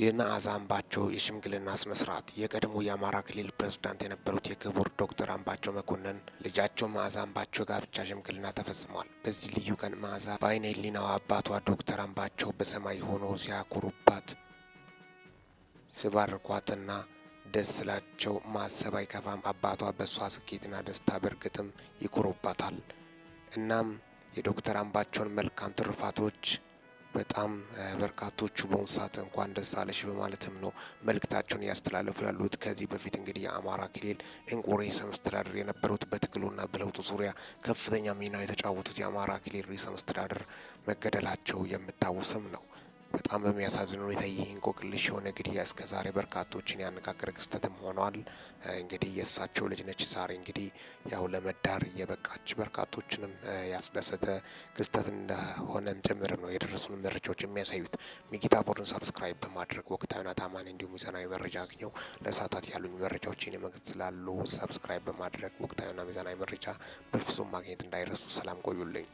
የነአዛ አምባቸው የሽምግልና ስነ ስርዓት የቀድሞ የአማራ ክልል ፕሬዝዳንት የነበሩት የክቡር ዶክተር አምባቸው መኮንን ልጃቸው መአዛ አምባቸው ጋብቻ ሽምግልና ተፈጽሟል። በዚህ ልዩ ቀን መአዛ በአይነ ህሊናዋ አባቷ ዶክተር አምባቸው በሰማይ ሆኖ ሲያኮሩባት፣ ሲባርኳትና ደስ ስላቸው ማሰብ አይከፋም። አባቷ በእሷ ስኬትና ደስታ በእርግጥም ይኮሩባታል። እናም የዶክተር አምባቸውን መልካም ትሩፋቶች በጣም በርካቶቹ በሆን ሰዓት እንኳን ደስ አለሽ በማለትም ነው መልእክታቸውን እያስተላለፉ ያሉት። ከዚህ በፊት እንግዲህ የአማራ ክልል እንቁሬ ርዕሰ መስተዳድር የነበሩት በትግሉና በለውጡ ዙሪያ ከፍተኛ ሚና የተጫወቱት የአማራ ክልል ርዕሰ መስተዳድር መገደላቸው የምታወስም ነው። በጣም በሚያሳዝን ሁኔታ ይህ እንቆቅልሽ የሆነ ግድያ እስከ ዛሬ በርካቶችን ያነጋገረ ክስተትም ሆኗል። እንግዲህ የእሳቸው ልጅ ነች ዛሬ እንግዲህ ያው ለመዳር እየበቃች በርካቶችንም ያስደሰተ ክስተት እንደሆነም ጭምር ነው የደረሱን መረጃዎች የሚያሳዩት። ሚኪታ ቦርድን ሰብስክራይብ በማድረግ ወቅታዊና ታማኝ እንዲሁም ሚዛናዊ መረጃ አግኘው። ለእሳታት ያሉኝ መረጃዎች መረጃዎችን መግት ስላሉ ሰብስክራይብ በማድረግ ወቅታዊና ሚዛናዊ መረጃ በፍጹም ማግኘት እንዳይረሱ። ሰላም ቆዩልኝ።